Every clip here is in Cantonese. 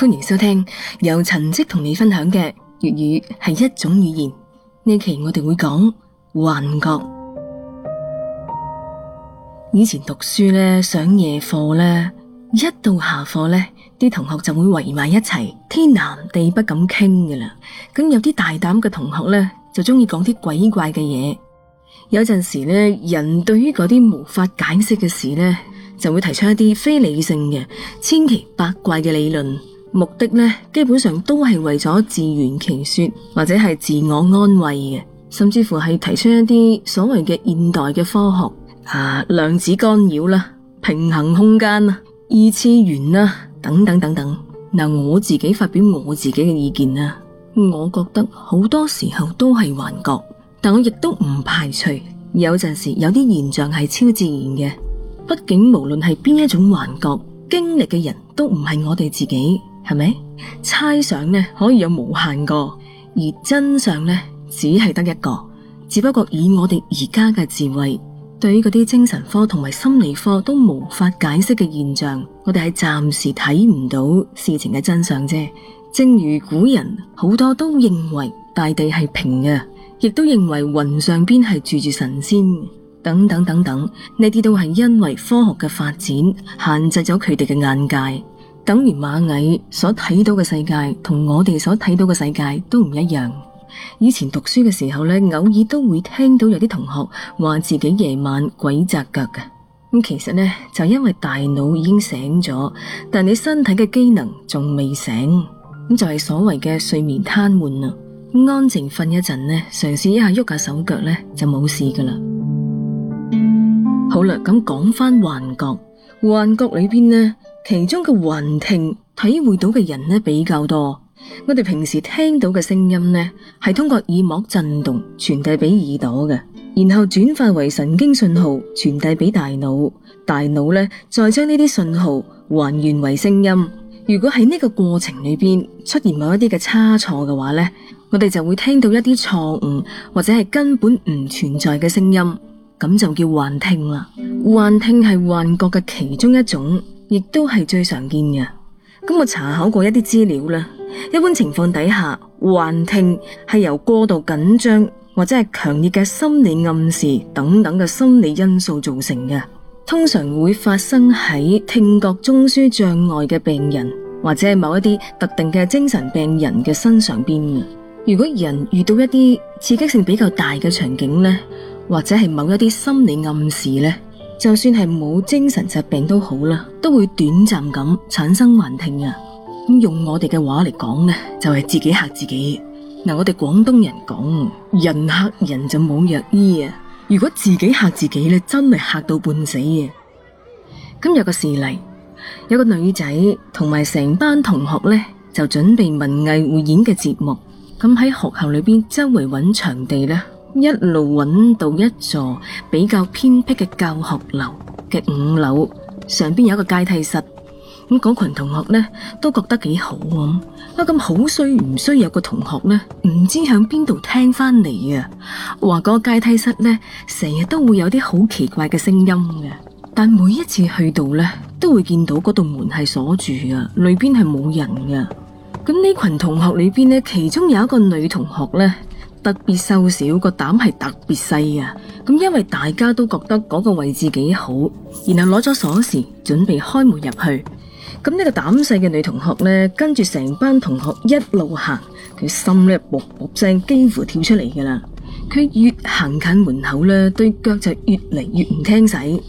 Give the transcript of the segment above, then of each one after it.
歡迎收聽，由陳迹同你分享嘅粵語係一種語言。呢期我哋會講幻覺。以前讀書咧，上夜課咧，一到下課咧，啲同學就會圍埋一齊，天南地北咁傾噶啦。咁有啲大膽嘅同學咧，就中意講啲鬼怪嘅嘢。有陣時咧，人對於嗰啲無法解釋嘅事咧，就會提出一啲非理性嘅千奇百怪嘅理論。目的呢，基本上都係為咗自圓其說或者係自我安慰嘅，甚至乎係提出一啲所謂嘅現代嘅科學啊，量子干擾啦，平衡空間啦，二次元啦，等等等等。嗱，我自己發表我自己嘅意見啦，我覺得好多時候都係幻覺，但我亦都唔排除有陣時有啲現象係超自然嘅。畢竟無論係邊一種幻覺，經歷嘅人都唔係我哋自己。係咪？猜想呢，可以有無限個，而真相呢只係得一個。只不過以我哋而家嘅智慧，對於嗰啲精神科同埋心理科都無法解釋嘅現象，我哋係暫時睇唔到事情嘅真相啫。正如古人好多都認為大地係平嘅，亦都認為雲上邊係住住神仙等等等等，呢啲都係因為科學嘅發展限制咗佢哋嘅眼界。等於螞蟻所睇到嘅世界，同我哋所睇到嘅世界都唔一樣。以前讀書嘅時候呢，偶爾都會聽到有啲同學話自己夜晚鬼扎腳噶。咁其實呢，就因為大腦已經醒咗，但你身體嘅機能仲未醒，咁就係、是、所謂嘅睡眠癱瘓啦。安靜瞓一陣呢，嘗試一下喐下手腳呢，就冇事噶啦。好啦，咁講翻幻覺，幻覺裏邊呢。其中嘅幻聽體會到嘅人呢，比較多。我哋平時聽到嘅聲音呢，係通過耳膜震動傳遞俾耳朵嘅，然後轉化為神經信號傳遞俾大腦，大腦呢，再將呢啲信號還原為聲音。如果喺呢個過程裏邊出現某一啲嘅差錯嘅話呢，我哋就會聽到一啲錯誤或者係根本唔存在嘅聲音，咁就叫幻聽啦。幻聽係幻覺嘅其中一種。亦都係最常見嘅。咁我查考過一啲資料啦，一般情況底下，幻聽係由過度緊張或者係強烈嘅心理暗示等等嘅心理因素造成嘅。通常會發生喺聽覺中樞障礙嘅病人或者係某一啲特定嘅精神病人嘅身上邊。如果人遇到一啲刺激性比較大嘅場景呢，或者係某一啲心理暗示呢。就算係冇精神疾病都好啦，都會短暫咁產生幻聽啊！用我哋嘅話嚟講呢，就係、是、自己吓自己。嗱，我哋廣東人講，人吓人就冇藥醫啊！如果自己吓自己呢，真係吓到半死啊！今日個事例，有個女仔同埋成班同學呢，就準備文藝匯演嘅節目，咁喺學校裏邊周圍搵場地咧。一路揾到一座比較偏僻嘅教學樓嘅五樓，上邊有一個階梯室。嗰群同學呢都覺得幾好咁啊，咁好衰唔衰？有個同學呢唔知響邊度聽翻嚟啊，話嗰個階梯室呢成日都會有啲好奇怪嘅聲音嘅，但每一次去到呢都會見到嗰度門係鎖住嘅，裏邊係冇人嘅。咁呢群同學裏邊呢，其中有一個女同學呢。特別瘦小個膽係特別細㗎。咁因為大家都覺得嗰個位置幾好，然後攞咗鎖匙準備開門入去。咁呢個膽細嘅女同學呢，跟住成班同學一路行，佢心咧卜卜聲幾乎跳出嚟㗎啦。佢越行近門口呢，對腳就越嚟越唔聽使。呢、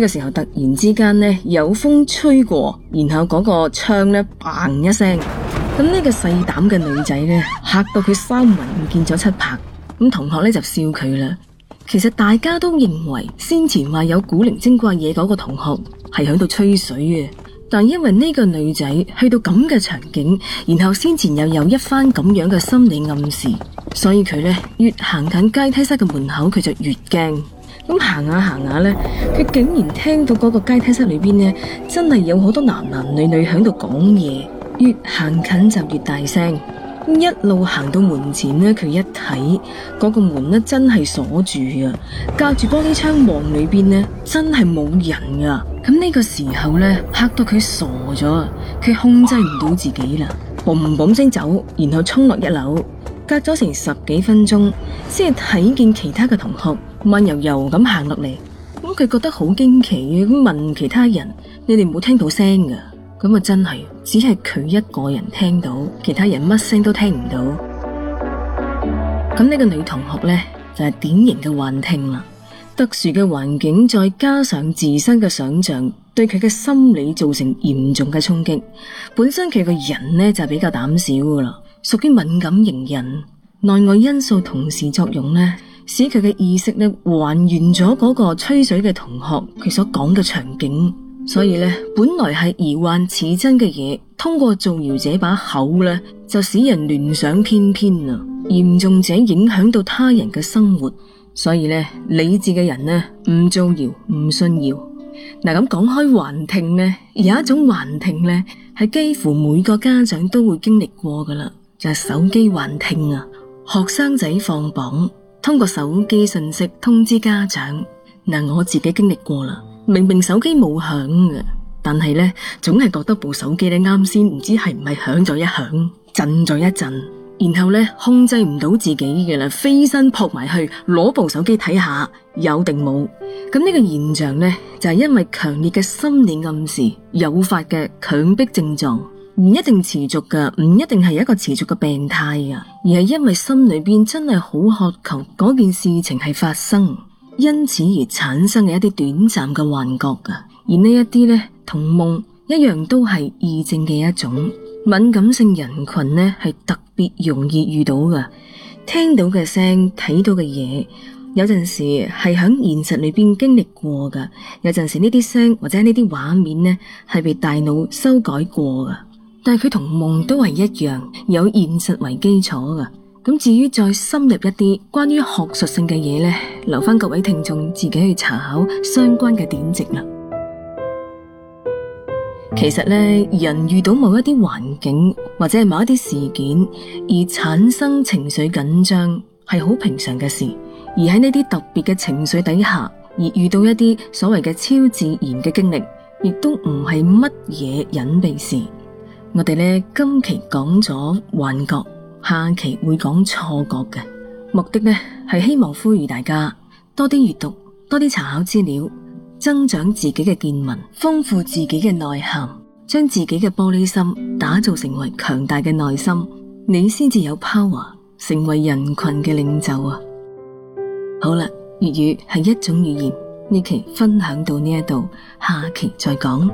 這個時候突然之間呢，有風吹過，然後嗰個窗咧嘭一聲。咁呢個細膽嘅女仔呢，嚇到佢三魂唔見咗七魄。咁同學呢，就笑佢啦。其實大家都認為，先前話有古靈精怪嘢嗰個同學係喺度吹水嘅。但因為呢個女仔去到咁嘅場景，然後先前又有一番咁樣嘅心理暗示，所以佢呢越行近階梯室嘅門口，佢就越驚。咁行下行下呢，佢竟然聽到嗰個階梯室裏邊呢，真係有好多男男女女喺度講嘢。越行近就越大聲，一路行到門前呢，佢一睇嗰個門咧真係鎖住啊！隔住玻璃窗望裏邊呢真係冇人啊！咁呢個時候咧嚇到佢傻咗啊！佢控制唔到自己啦，砰砰聲走，然後衝落一樓，隔咗成十幾分鐘先係睇見其他嘅同學慢悠悠咁行落嚟，咁佢覺得好驚奇，咁問其他人：你哋冇聽到聲噶？咁啊，真係只係佢一個人聽到，其他人乜聲都聽唔到。咁呢個女同學咧就係典型嘅幻聽啦。特殊嘅環境再加上自身嘅想象，對佢嘅心理造成嚴重嘅衝擊。本身佢個人咧就比較膽小噶啦，屬於敏感型人。內外因素同時作用咧，使佢嘅意識咧還原咗嗰個吹水嘅同學佢所講嘅場景。所以呢，本來係疑幻似真嘅嘢，通過造謠者把口呢，就使人聯想翩翩啊！嚴重者影響到他人嘅生活，所以呢，理智嘅人呢，唔造謠，唔信謠。嗱，咁講開幻聽呢，有一種幻聽呢，係幾乎每個家長都會經歷過噶啦，就係、是、手機幻聽啊！學生仔放榜，通過手機信息通知家長。嗱，我自己經歷過啦。明明手機冇響，但係呢，總係覺得部手機咧啱先唔知係唔係響咗一響，震咗一震，然後呢，控制唔到自己嘅啦，飛身撲埋去攞部手機睇下，有定冇？咁呢個現象呢，就係因為強烈嘅心理暗示誘發嘅強迫症狀，唔一定持續嘅，唔一定係一個持續嘅病態啊，而係因為心裏面真係好渴求嗰件事情係發生。因此而產生嘅一啲短暫嘅幻覺噶，而呢一啲咧同夢一樣都係異症嘅一種，敏感性人群咧係特別容易遇到噶。聽到嘅聲、睇到嘅嘢，有陣時係響現實裏邊經歷過噶，有陣時呢啲聲或者呢啲畫面咧係被大腦修改過噶，但係佢同夢都係一樣，有現實為基礎噶。咁至於再深入一啲關於學術性嘅嘢呢，留翻各位聽眾自己去查考相關嘅典籍啦。其實呢，人遇到某一啲環境或者某一啲事件而產生情緒緊張，係好平常嘅事。而喺呢啲特別嘅情緒底下，而遇到一啲所謂嘅超自然嘅經歷，亦都唔係乜嘢隱秘事。我哋呢，今期講咗幻覺。下期會講錯覺嘅，目的呢係希望呼籲大家多啲閱讀，多啲查考資料，增長自己嘅見聞，豐富自己嘅內涵，將自己嘅玻璃心打造成為強大嘅內心，你先至有 power，成為人群嘅領袖啊！好啦，粵語係一種語言，呢期分享到呢一度，下期再講。